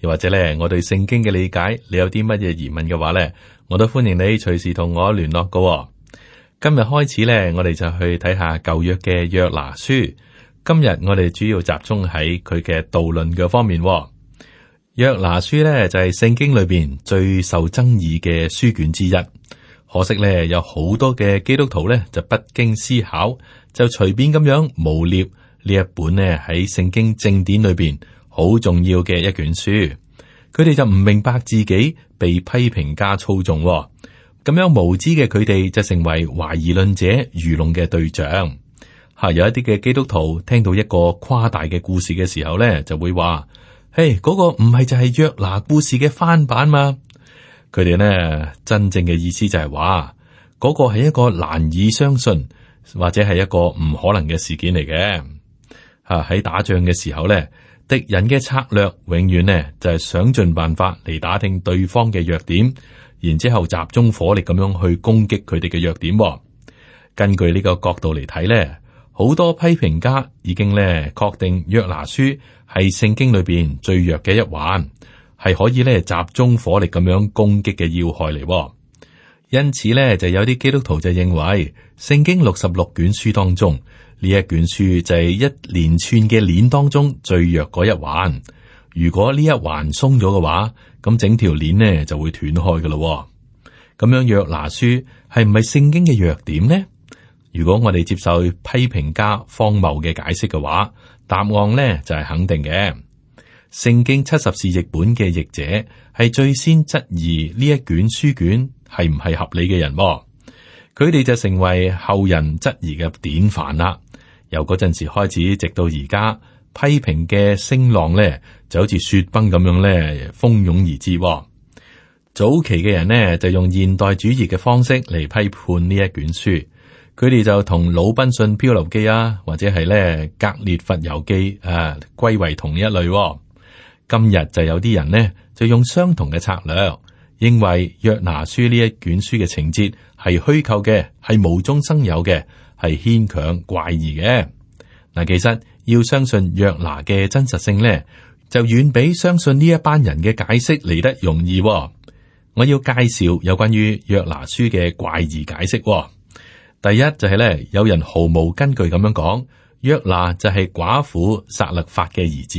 又或者咧，我對聖經嘅理解，你有啲乜嘢疑問嘅話咧，我都歡迎你隨時同我聯絡嘅、哦。今日開始咧，我哋就去睇下舊約嘅約拿書。今日我哋主要集中喺佢嘅導論嘅方面、哦。約拿書咧就係、是、聖經裏邊最受爭議嘅書卷之一。可惜咧，有好多嘅基督徒咧就不經思考就隨便咁樣污蔑呢一本呢，喺聖經正典裏邊，好重要嘅一卷書，佢哋就唔明白自己被批評家操縱、哦，咁樣無知嘅佢哋就成為懷疑論者愚弄嘅對象。吓、啊，有一啲嘅基督徒聽到一個誇大嘅故事嘅時候咧，就會話：嘿，嗰個唔係就係約拿故事嘅翻版嘛？佢哋呢，真正嘅意思就係話，嗰、那個係一個難以相信或者係一個唔可能嘅事件嚟嘅。吓、啊、喺打仗嘅時候咧。敵人嘅策略永遠呢，就係想盡辦法嚟，打聽對方嘅弱點，然之後集中火力咁樣去攻擊佢哋嘅弱點。根據呢個角度嚟睇呢，好多批評家已經呢確定約拿書係聖經裏邊最弱嘅一環，係可以呢集中火力咁樣攻擊嘅要害嚟。因此呢，就有啲基督徒就認為聖經六十六卷書當中，呢一卷書就係一連串嘅鏈當中最弱嗰一環，如果呢一環鬆咗嘅話，咁整條鏈呢就會斷開噶咯。咁樣約拿書係唔係聖經嘅弱點呢？如果我哋接受批評家荒謬嘅解釋嘅話，答案呢就係肯定嘅。聖經七十士譯本嘅譯者係最先質疑呢一卷書卷係唔係合理嘅人，佢哋就成為後人質疑嘅典範啦。由嗰陣時開始，直到而家，批評嘅聲浪咧，就好似雪崩咁樣咧，蜂擁而至哦。早期嘅人呢，就用現代主義嘅方式嚟批判呢一卷書，佢哋就同《魯濱遜漂流記》啊，或者係咧《格列佛遊記》啊，歸為同一類哦。今日就有啲人呢，就用相同嘅策略，認為《約拿書》呢一卷書嘅情節係虛構嘅，係無中生有嘅。係牽強怪異嘅。嗱，其實要相信約拿嘅真實性咧，就遠比相信呢一班人嘅解釋嚟得容易喎。我要介紹有關於約拿書嘅怪異解釋喎。第一就係咧，有人毫無根據咁樣講約拿就係寡婦撒勒法嘅兒子。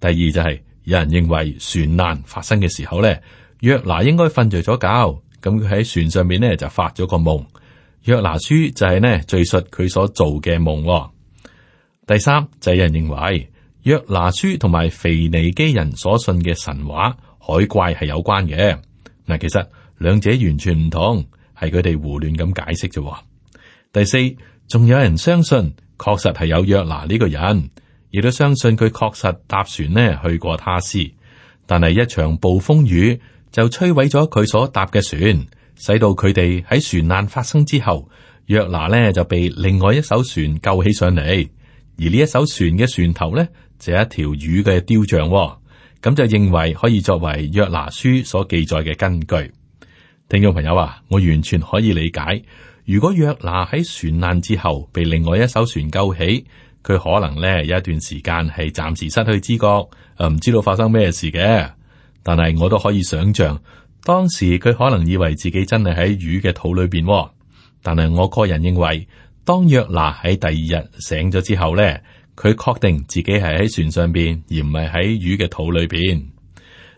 第二就係有人認為船難發生嘅時候咧，約拿應該瞓著咗覺，咁佢喺船上面咧就發咗個夢。約拿書就係呢敘述佢所做嘅夢喎。第三就有人認為約拿書同埋腓尼基人所信嘅神話海怪係有關嘅。嗱，其實兩者完全唔同，係佢哋胡亂咁解釋啫。第四，仲有人相信確實係有約拿呢個人，亦都相信佢確實搭船呢去過他施，但係一場暴風雨就摧毀咗佢所搭嘅船。使到佢哋喺船難發生之後，約拿呢就被另外一艘船救起上嚟，而呢一艘船嘅船頭呢，就係一條魚嘅雕像哦。咁就認為可以作為約拿書所記載嘅根據。聽眾朋友啊，我完全可以理解，如果約拿喺船難之後被另外一艘船救起，佢可能呢有一段時間係暫時失去知覺，唔知道發生咩事嘅。但係我都可以想象。當時佢可能以為自己真係喺魚嘅肚裏邊，但係我個人認為，當約拿喺第二日醒咗之後呢，佢確定自己係喺船上邊，而唔係喺魚嘅肚裏邊。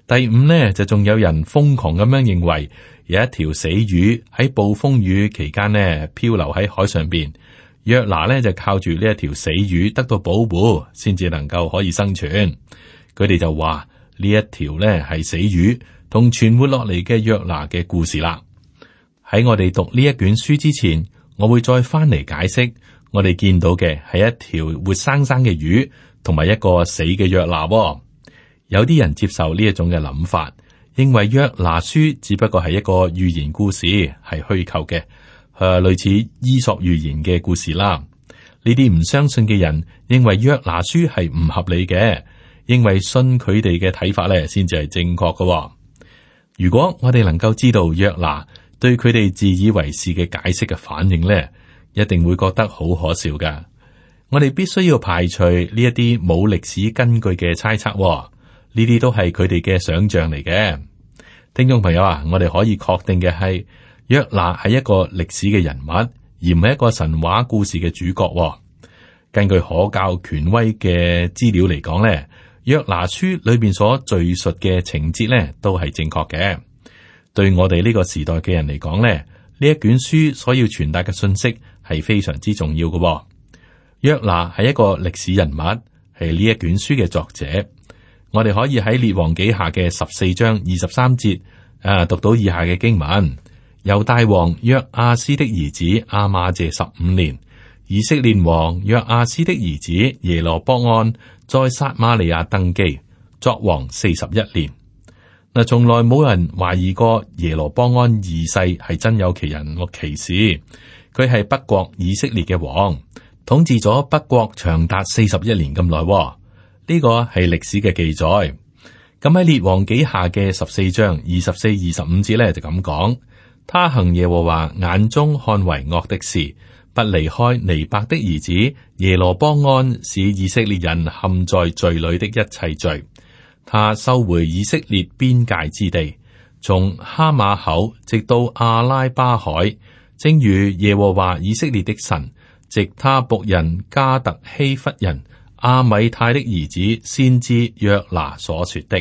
第五呢，就仲有人瘋狂咁樣認為，有一條死魚喺暴風雨期間呢漂流喺海上邊，約拿呢，就靠住呢一條死魚得到保護，先至能夠可以生存。佢哋就話呢一條呢係死魚。同存活落嚟嘅約拿嘅故事啦。喺我哋讀呢一卷書之前，我會再翻嚟解釋。我哋見到嘅係一條活生生嘅魚，同埋一個死嘅約拿。有啲人接受呢一種嘅諗法，認為約拿書只不過係一個寓言故事，係虛構嘅。誒、呃，類似伊索寓言嘅故事啦。呢啲唔相信嘅人認為約拿書係唔合理嘅，認為信佢哋嘅睇法咧，先至係正確㗎。如果我哋能夠知道約拿對佢哋自以為是嘅解釋嘅反應呢，一定會覺得好可笑噶我哋必須要排除呢一啲冇歷史根據嘅猜測喎，呢啲都係佢哋嘅想象嚟嘅。聽眾朋友啊，我哋可以確定嘅係約拿係一個歷史嘅人物，而唔係一個神話故事嘅主角喎。根據可較權威嘅資料嚟講呢，約拿書裏邊所敘述嘅情節呢，都係正確嘅。對我哋呢個時代嘅人嚟講咧，呢一卷書所要傳達嘅信息係非常之重要嘅。約拿係一個歷史人物，係呢一卷書嘅作者。我哋可以喺列王記下嘅十四章二十三節，誒、啊、讀到以下嘅經文：猶大王約阿斯的兒子阿瑪謝十五年，以色列王約阿斯的兒子耶羅波安。在撒瑪利亞登基作王四十一年。嗱，從來冇人懷疑過耶羅波安二世係真有其人或其事，佢係北國以色列嘅王，統治咗北國長達四十一年咁耐，哦，呢個係歷史嘅記載。咁喺列王紀下嘅十四章二十四、二十五節呢，就咁講，他行耶和華眼中看為惡的事。不離開尼伯的兒子耶羅波安，使以色列人陷在罪裏的一切罪，他收回以色列邊界之地，從哈馬口直到阿拉巴海，正如耶和華以色列的神藉他僕人加特希弗人亞米太的兒子先知約拿所說的。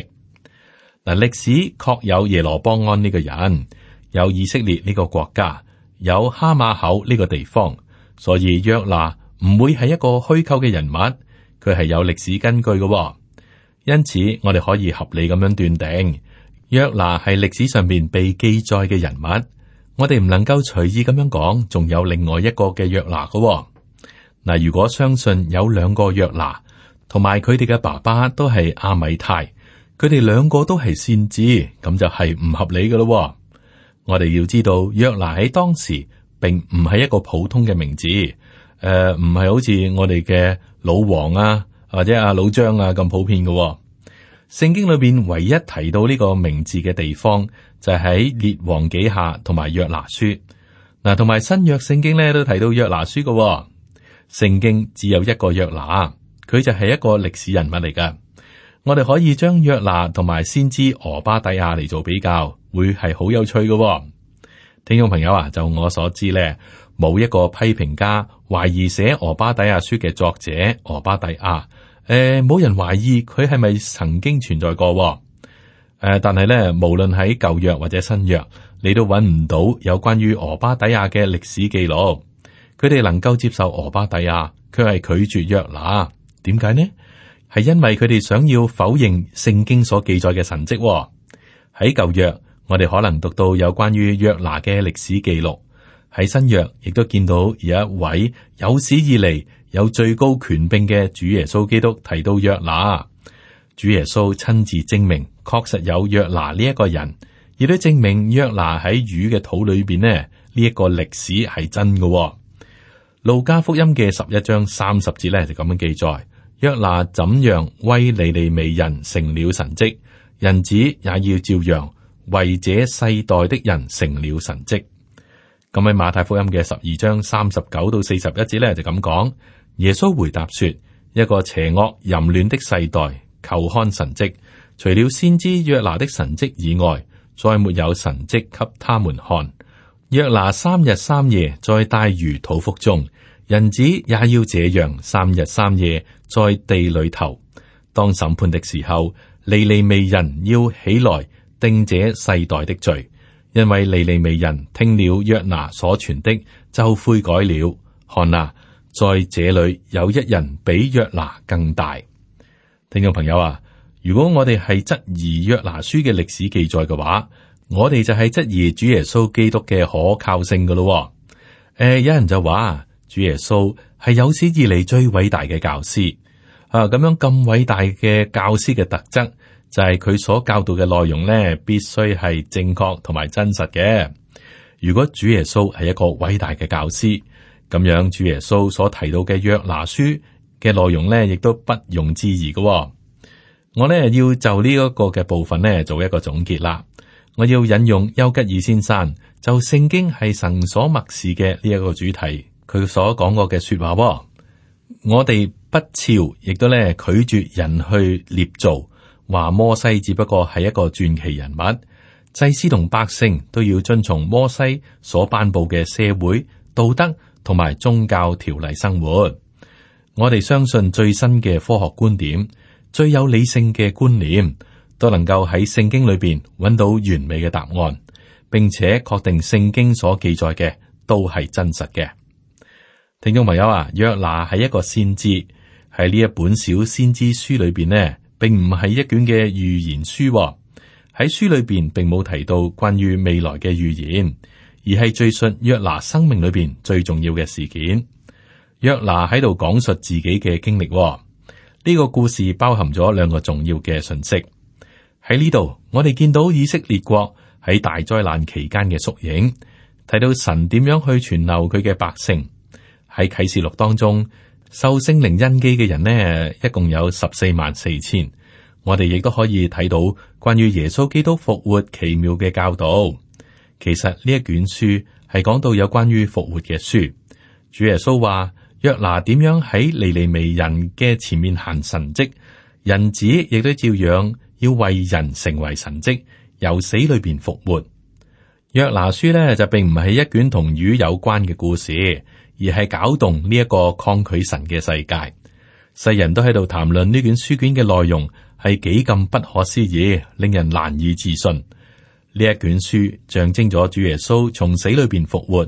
嗱，歷史確有耶羅波安呢個人，有以色列呢個國家，有哈馬口呢個地方。所以約拿唔會係一個虛構嘅人物，佢係有歷史根據嘅哦。因此我哋可以合理咁樣斷定，約拿係歷史上面被記載嘅人物。我哋唔能夠隨意咁樣講，仲有另外一個嘅約拿嘅。嗱，如果相信有兩個約拿，同埋佢哋嘅爸爸都係阿米泰，佢哋兩個都係先知，咁就係唔合理嘅咯哦。我哋要知道約拿喺當時。並唔係一個普通嘅名字，誒、呃，唔係好似我哋嘅老王啊，或者阿老張啊咁普遍嘅、哦。聖經裏邊唯一提到呢個名字嘅地方，就喺、是、列王記下同埋約拿書。嗱、啊，同埋新約聖經咧都提到約拿書嘅、哦。聖經只有一個約拿，佢就係一個歷史人物嚟噶。我哋可以將約拿同埋先知俄巴底亞嚟做比較，會係好有趣嘅、哦。聽眾朋友啊，就我所知咧，冇一個批評家懷疑寫俄巴底亞書嘅作者俄巴底亞，誒、呃，冇人懷疑佢係咪曾經存在過、啊，誒、呃，但係咧，無論喺舊約或者新約，你都揾唔到有關於俄巴底亞嘅歷史記錄。佢哋能夠接受俄巴底亞，佢係拒絕約拿，點解呢？係因為佢哋想要否認聖經所記載嘅神蹟喎、啊，喺舊約。我哋可能讀到有關於約拿嘅歷史記錄，喺新約亦都見到有一位有史以嚟有最高權柄嘅主耶穌基督提到約拿，主耶穌親自證明，確實有約拿呢一個人，亦都證明約拿喺魚嘅肚裏邊呢呢一個歷史係真嘅、哦。路加福音嘅十一章三十節咧就咁樣記載：約拿怎樣為尼尼微人成了神蹟，人子也要照樣。為這世代的人成了神蹟。咁喺馬太福音嘅十二章三十九到四十一節呢，就咁講。耶穌回答說：一個邪惡淫亂的世代求看神蹟，除了先知約拿的神蹟以外，再沒有神蹟給他們看。約拿三日三夜在大魚肚腹中，人子也要這樣三日三夜在地裏頭。當審判的時候，尼尼微人要起來。定者世代的罪，因為利利微尼尼微人聽了約拿所傳的就悔改了。看啊，在這裏有一人比約拿更大。聽眾朋友啊，如果我哋係質疑約拿書嘅歷史記載嘅話，我哋就係質疑主耶穌基督嘅可靠性噶咯。誒、呃，有人就話，主耶穌係有史以嚟最偉大嘅教師啊，咁樣咁偉大嘅教師嘅特質。就係佢所教導嘅內容咧，必須係正確同埋真實嘅。如果主耶穌係一個偉大嘅教師，咁樣主耶穌所提到嘅約拿書嘅內容咧，亦都不容置疑嘅，哦。我咧要就呢一個嘅部分咧做一個總結啦。我要引用丘吉爾先生就聖經係神所默示嘅呢一個主題，佢所講過嘅說話，哦。我哋不朝，亦都咧拒絕人去捏造。話摩西只不過係一個傳奇人物，祭司同百姓都要遵從摩西所頒布嘅社會道德同埋宗教條例生活。我哋相信最新嘅科學觀點、最有理性嘅觀念，都能夠喺聖經裏邊搵到完美嘅答案，並且確定聖經所記載嘅都係真實嘅。聽眾朋友啊，約拿係一個先知，喺呢一本小先知書裏邊呢？並唔係一卷嘅預言書喎，哦，喺書裏邊並冇提到關於未來嘅預言，而係敘述約拿生命裏邊最重要嘅事件。約拿喺度講述自己嘅經歷，哦，呢、這個故事包含咗兩個重要嘅信息。喺呢度，我哋見到以色列國喺大災難期間嘅縮影，睇到神點樣去存留佢嘅百姓。喺啟示錄當中。受聖靈恩基嘅人呢，一共有十四萬四千。我哋亦都可以睇到關於耶穌基督復活奇妙嘅教導。其實呢一卷書係講到有關於復活嘅書。主耶穌話：約拿點樣喺尼尼微人嘅前面行神蹟？人子亦都照樣要為人成為神蹟，由死裏邊復活。約拿書呢就並唔係一卷同魚有關嘅故事。而係攪動呢一個抗拒神嘅世界，世人都喺度談論呢卷書卷嘅內容係幾咁不可思議，令人難以置信。呢一卷書象徵咗主耶穌從死裏邊復活，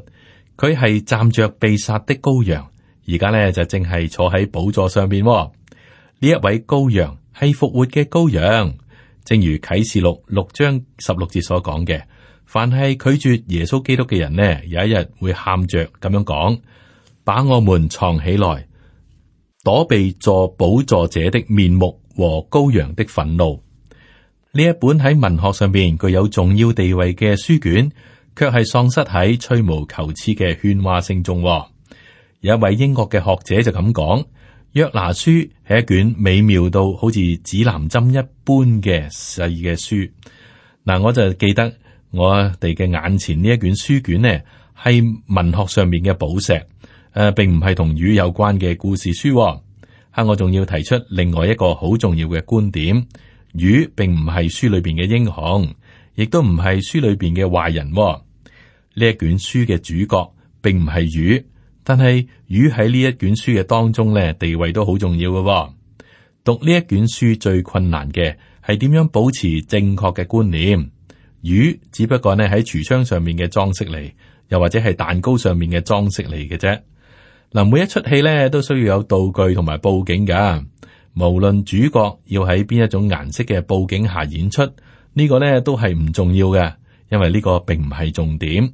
佢係站着被殺的羔羊，而家呢就正係坐喺寶座上邊。呢一位羔羊係復活嘅羔羊，正如啟示錄六章十六節所講嘅。凡係拒絕耶穌基督嘅人呢，有一日會喊着咁樣講：把我們藏起來，躲避坐寶座者的面目和羔羊的憤怒。呢一本喺文學上邊具有重要地位嘅書卷，卻係喪失喺吹毛求疵嘅喧嘩聲中。有一位英國嘅學者就咁講：約拿書係一卷美妙到好似指南針一般嘅細嘅書。嗱、嗯，我就記得。我哋嘅眼前呢一卷書卷呢，係文學上面嘅寶石，誒、啊，並唔係同魚有關嘅故事書、哦。吓、啊，我仲要提出另外一個好重要嘅觀點：魚並唔係書裏邊嘅英雄，亦都唔係書裏邊嘅壞人、哦。呢一卷書嘅主角並唔係魚，但係魚喺呢一卷書嘅當中咧，地位都好重要嘅、哦。讀呢一卷書最困難嘅係點樣保持正確嘅觀念。魚只不過咧喺櫥窗上面嘅裝飾嚟，又或者係蛋糕上面嘅裝飾嚟嘅啫。嗱，每一出戲咧都需要有道具同埋布景噶，無論主角要喺邊一種顏色嘅布景下演出，呢個呢都係唔重要嘅，因為呢個並唔係重點。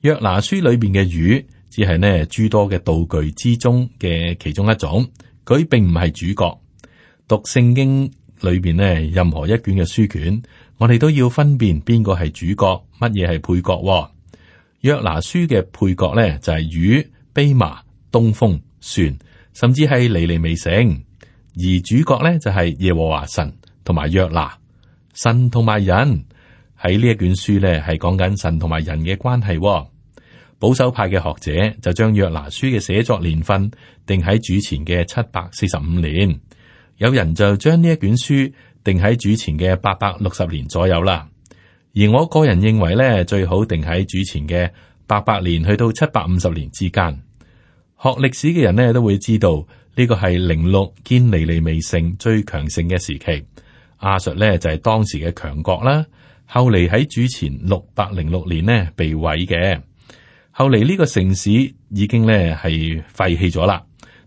約拿書裏邊嘅魚，只係呢諸多嘅道具之中嘅其中一種，佢並唔係主角。讀聖經裏邊呢，任何一卷嘅書卷。我哋都要分辨邊個係主角，乜嘢係配角。約拿書嘅配角咧就係魚、蓖麻、東風、船，甚至係尼尼微城；而主角咧就係耶和華神同埋約拿。神同埋人，喺呢一卷書咧係講緊神同埋人嘅關係。保守派嘅學者就將約拿書嘅寫作年份定喺主前嘅七百四十五年。有人就將呢一卷書。定喺主前嘅八百六十年左右啦，而我個人認為咧，最好定喺主前嘅八百年去到七百五十年之間。學歷史嘅人咧都會知道呢個係零六堅尼尼微城最強盛嘅時期。亞述咧就係當時嘅強國啦，後嚟喺主前六百零六年呢被毀嘅，後嚟呢個城市已經咧係廢棄咗啦，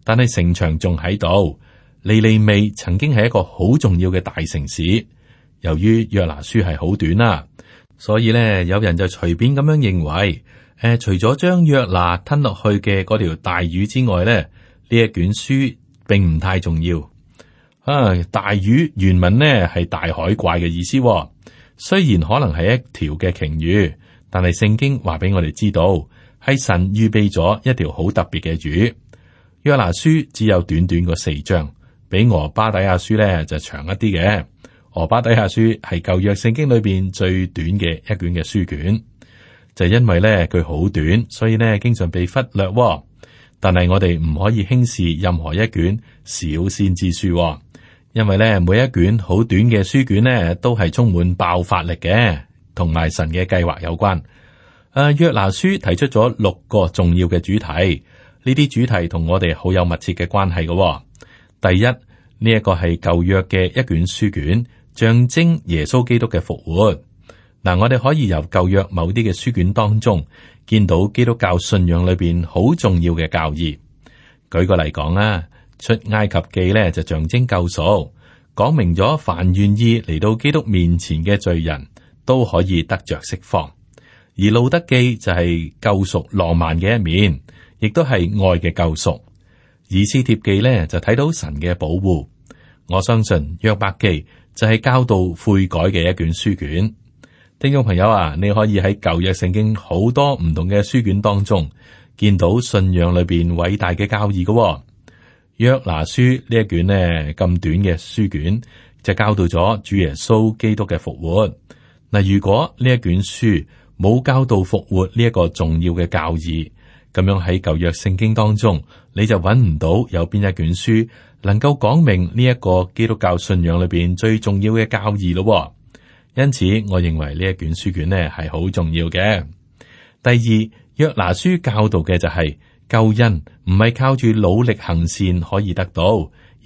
但係城牆仲喺度。尼尼微曾經係一個好重要嘅大城市。由於約拿書係好短啦，所以咧有人就隨便咁樣認為，誒、呃、除咗將約拿吞落去嘅嗰條大魚之外咧，呢一卷書並唔太重要。啊，大魚原文咧係大海怪嘅意思，哦，雖然可能係一條嘅鯨魚，但係聖經話俾我哋知道，係神預備咗一條好特別嘅魚。約拿書只有短短個四章。比俄巴底亞書咧就長一啲嘅，俄巴底亞書係舊約聖經裏邊最短嘅一卷嘅書卷，就是、因為咧佢好短，所以咧經常被忽略。但係我哋唔可以輕視任何一卷小先知書，因為咧每一卷好短嘅書卷咧都係充滿爆發力嘅，同埋神嘅計劃有關。誒、啊，約拿書提出咗六個重要嘅主題，呢啲主題同我哋好有密切嘅關係嘅。第一，呢一個係舊約嘅一卷書卷，象徵耶穌基督嘅復活。嗱、嗯，我哋可以由舊約某啲嘅書卷當中，見到基督教信仰裏邊好重要嘅教義。舉個例講啦，《出埃及記》呢，就象徵救贖，講明咗凡願意嚟到基督面前嘅罪人都可以得着釋放。而路德記就係救贖浪漫嘅一面，亦都係愛嘅救贖。以斯帖記咧就睇到神嘅保護，我相信約伯記就係教導悔改嘅一卷書卷。聽眾朋友啊，你可以喺舊約聖經好多唔同嘅書卷當中見到信仰裏邊偉大嘅教義嘅、哦。約拿書呢一卷呢咁短嘅書卷就教導咗主耶穌基督嘅復活。嗱，如果呢一卷書冇教導復活呢一個重要嘅教義，咁樣喺舊約聖經當中，你就揾唔到有邊一卷書能夠講明呢一個基督教信仰裏邊最重要嘅教義咯。因此，我認為呢一卷書卷呢係好重要嘅。第二，約拿書教導嘅就係：救恩唔係靠住努力行善可以得到，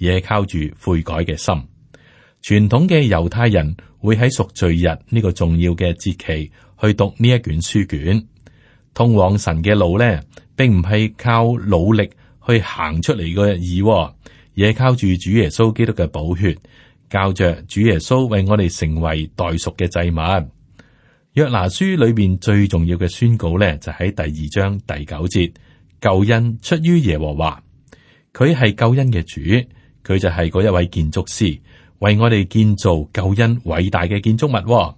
而係靠住悔改嘅心。傳統嘅猶太人會喺贖罪日呢個重要嘅節期去讀呢一卷書卷。通往神嘅路咧，並唔係靠努力去行出嚟嘅而已，而係靠住主耶穌基督嘅寶血，教着主耶穌為我哋成為代贖嘅祭物。約拿書裏邊最重要嘅宣告咧，就喺、是、第二章第九節：救恩出於耶和華，佢係救恩嘅主，佢就係嗰一位建築師，為我哋建造救恩偉大嘅建築物、哦。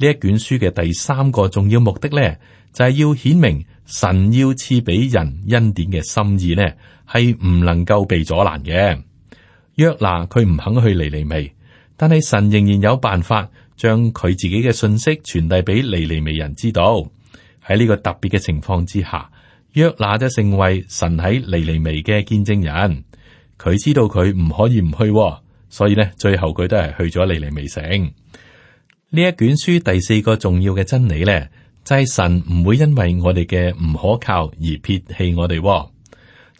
呢一卷書嘅第三個重要目的呢，就係要顯明神要賜俾人恩典嘅心意呢，係唔能夠被阻攔嘅。約拿佢唔肯去尼尼微，但係神仍然有辦法將佢自己嘅信息傳遞俾尼尼微人知道。喺呢個特別嘅情況之下，約拿就成為神喺尼尼微嘅見證人。佢知道佢唔可以唔去，所以呢最後佢都係去咗尼尼微城。呢一卷書第四個重要嘅真理咧，就係神唔會因為我哋嘅唔可靠而撇棄我哋。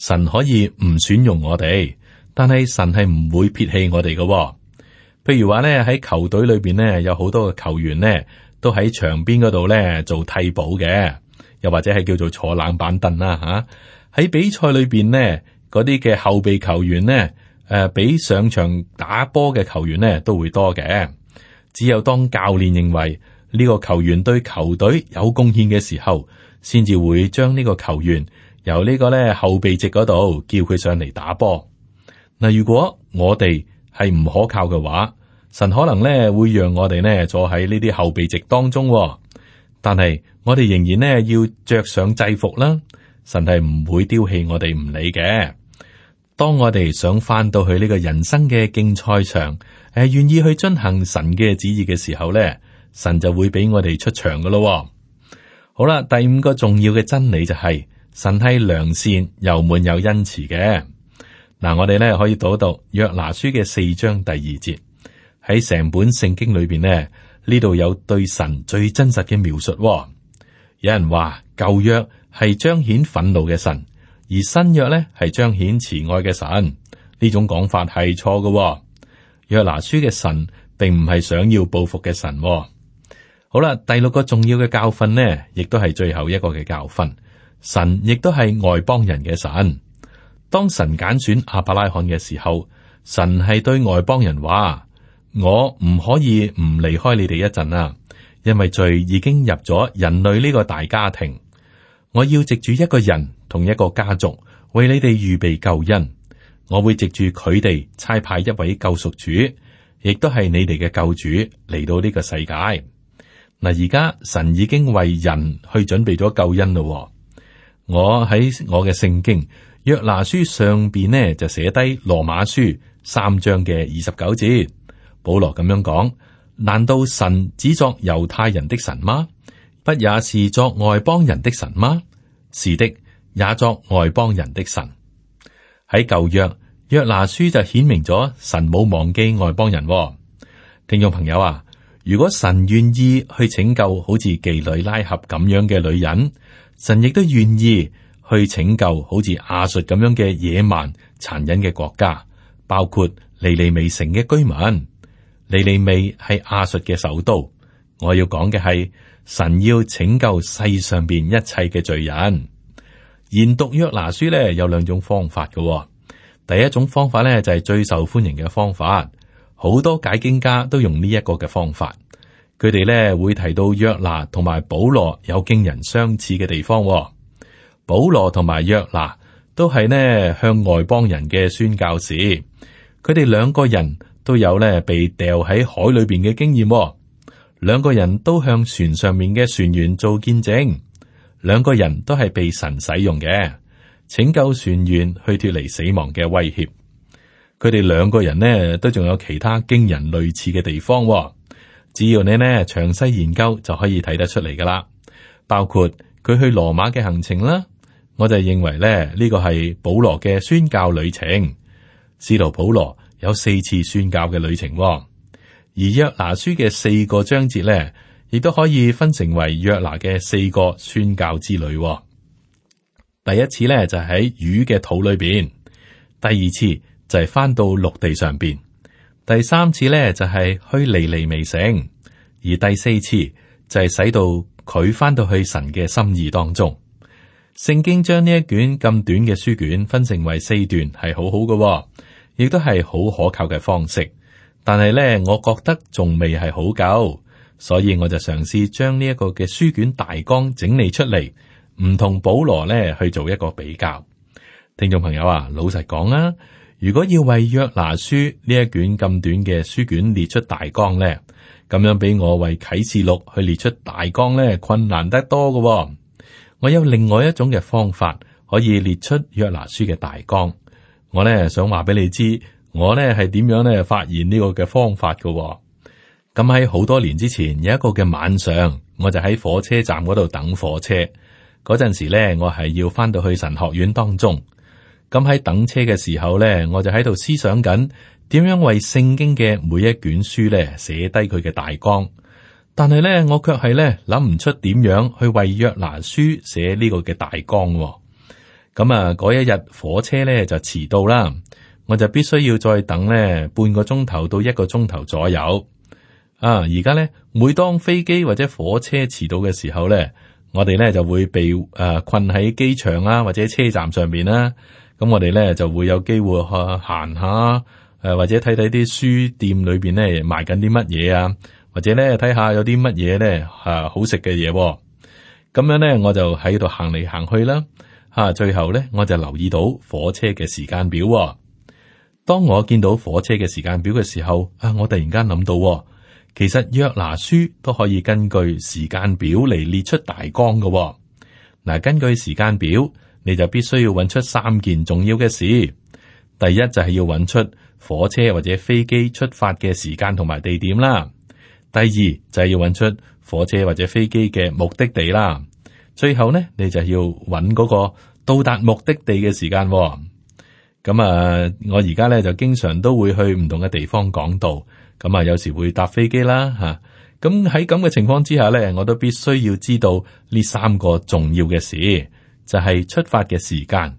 神可以唔選用我哋，但係神係唔會撇棄我哋嘅。譬如話咧，喺球隊裏邊咧，有好多嘅球員咧，都喺場邊嗰度咧做替補嘅，又或者係叫做坐冷板凳啦吓。喺比賽裏邊咧，嗰啲嘅後備球員咧，誒比上場打波嘅球員咧都會多嘅。只有當教練認為呢個球員對球隊有貢獻嘅時候，先至會將呢個球員由呢個咧後備席嗰度叫佢上嚟打波。嗱，如果我哋係唔可靠嘅話，神可能咧會讓我哋咧坐喺呢啲後備席當中。但係我哋仍然咧要着上制服啦。神係唔會丟棄我哋唔理嘅。當我哋想翻到去呢個人生嘅競賽場。誒，願意去遵行神嘅旨意嘅時候咧，神就會俾我哋出場噶咯。好啦，第五個重要嘅真理就係、是、神係良善又滿有恩慈嘅。嗱，我哋咧可以讀一讀《約拿書》嘅四章第二節，喺成本聖經裏邊咧，呢度有對神最真實嘅描述。有人話舊約係彰顯憤怒嘅神，而新約咧係彰顯慈愛嘅神，呢種講法係錯嘅。約拿書嘅神，並唔係想要報復嘅神哦。好啦，第六個重要嘅教訓呢，亦都係最後一個嘅教訓。神亦都係外邦人嘅神。當神揀選亞伯拉罕嘅時候，神係對外邦人話：我唔可以唔離開你哋一陣啊，因為罪已經入咗人類呢個大家庭。我要藉住一個人同一個家族，為你哋預備救恩。我會藉住佢哋差派一位救贖主，亦都係你哋嘅救主嚟到呢個世界。嗱，而家神已經為人去準備咗救恩咯。我喺我嘅聖經約拿書上邊呢，就寫低羅馬書三章嘅二十九節，保羅咁樣講：難道神只作猶太人的神嗎？不也是作外邦人的神嗎？是的，也作外邦人的神。喺舊約。約拿書就顯明咗，神冇忘記外邦人，哦。聽眾朋友啊，如果神願意去拯救好似妓女拉合咁樣嘅女人，神亦都願意去拯救好似亞述咁樣嘅野蠻殘忍嘅國家，包括尼尼微城嘅居民。尼尼微係亞述嘅首都。我要講嘅係神要拯救世上邊一切嘅罪人。研讀約拿書咧，有兩種方法嘅，哦。第一種方法咧就係最受歡迎嘅方法，好多解經家都用呢一個嘅方法。佢哋咧會提到約拿同埋保羅有驚人相似嘅地方。保羅同埋約拿都係咧向外邦人嘅宣教士，佢哋兩個人都有咧被掉喺海裏邊嘅經驗。兩個人都向船上面嘅船員做見證，兩個人都係被神使用嘅。拯救船員去脫離死亡嘅威脅，佢哋兩個人呢都仲有其他驚人類似嘅地方，哦，只要你呢詳細研究就可以睇得出嚟㗎喇。包括佢去羅馬嘅行程啦，我就認為呢呢個係保羅嘅宣教旅程。使徒保羅有四次宣教嘅旅程，哦，而約拿書嘅四個章節呢，亦都可以分成為約拿嘅四個宣教之旅，哦。第一次咧就喺、是、魚嘅肚裏邊，第二次就係返到陸地上邊，第三次咧就係、是、去尼尼微城；而第四次就係使到佢返到去神嘅心意當中。聖經將呢一卷咁短嘅書卷分成為四段係好好嘅、哦，亦都係好可靠嘅方式。但係咧，我覺得仲未係好夠，所以我就嘗試將呢一個嘅書卷大綱整理出嚟。唔同保羅咧去做一個比較，聽眾朋友啊，老實講啦，如果要為約拿書呢一卷咁短嘅書卷列出大綱咧，咁樣俾我為啟示錄去列出大綱咧，困難得多嘅哦。我有另外一種嘅方法可以列出約拿書嘅大綱，我咧想話俾你知，我咧係點樣咧發現呢個嘅方法嘅哦。咁喺好多年之前，有一個嘅晚上，我就喺火車站嗰度等火車。嗰陣時咧，我係要翻到去神學院當中，咁喺等車嘅時候咧，我就喺度思想緊點樣為聖經嘅每一卷書咧寫低佢嘅大綱，但係咧我卻係咧諗唔出點樣去為約拿書寫呢個嘅大綱。咁啊，嗰一日火車咧就遲到啦，我就必須要再等咧半個鐘頭到一個鐘頭左右。啊，而家咧每當飛機或者火車遲到嘅時候咧。我哋咧就會被誒困喺機場啊，或者車站上邊啦。咁我哋咧就會有機會去行下，誒或者睇睇啲書店裏邊咧賣緊啲乜嘢啊，或者咧睇下有啲乜嘢咧嚇好食嘅嘢。咁樣咧我就喺度行嚟行去啦。嚇，最後咧我就留意到火車嘅時間表。當我見到火車嘅時間表嘅時候，啊，我突然間諗到。其實約拿書都可以根據時間表嚟列出大綱㗎。嗱，根據時間表，你就必須要揾出三件重要嘅事。第一就係要揾出火車或者飛機出發嘅時間同埋地點啦。第二就係要揾出火車或者飛機嘅目的地啦。最後呢，你就要揾嗰個到達目的地嘅時間哦。咁啊，我而家呢就經常都會去唔同嘅地方講道。咁啊，有時會搭飛機啦吓，咁喺咁嘅情況之下咧，我都必須要知道呢三個重要嘅事，就係、是、出發嘅時間，誒、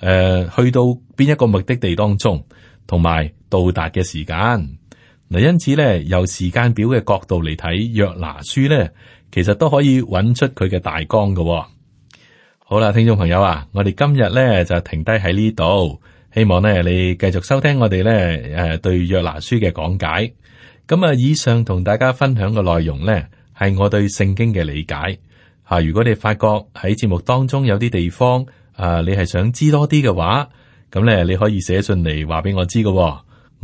呃，去到邊一個目的地當中，同埋到達嘅時間。嗱、啊，因此咧，由時間表嘅角度嚟睇約拿書咧，其實都可以揾出佢嘅大綱嘅、哦。好啦，聽眾朋友啊，我哋今日咧就停低喺呢度，希望咧你繼續收聽我哋咧誒對約拿書嘅講解。咁啊，以上同大家分享嘅內容咧，係我對聖經嘅理解吓。如果你發覺喺節目當中有啲地方啊，你係想知多啲嘅話，咁咧你可以寫信嚟話俾我知嘅。我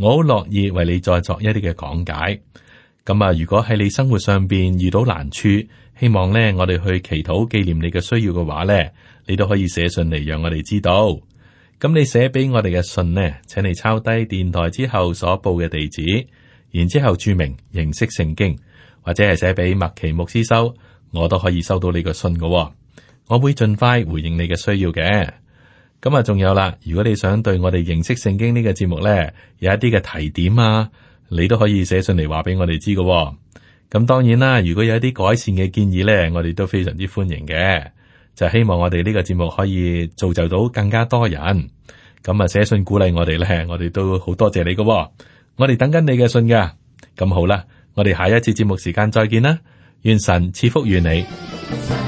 好樂意為你再作一啲嘅講解。咁啊，如果喺你生活上邊遇到難處，希望咧我哋去祈禱紀念你嘅需要嘅話咧，你都可以寫信嚟讓我哋知道。咁你寫俾我哋嘅信咧，請你抄低電台之後所報嘅地址，然之後注明認識聖經，或者係寫俾麥奇牧師收，我都可以收到你個信噶。我會盡快回應你嘅需要嘅。咁啊，仲有啦，如果你想對我哋認識聖經呢個節目呢，有一啲嘅提點啊，你都可以寫信嚟話俾我哋知噶。咁當然啦，如果有一啲改善嘅建議呢，我哋都非常之歡迎嘅。就希望我哋呢個節目可以造就到更加多人。咁啊，寫信鼓勵我哋呢，我哋都好多謝你噶。我哋等緊你嘅信㗎，咁好啦，我哋下一次節目時間再見啦，願神賜福於你。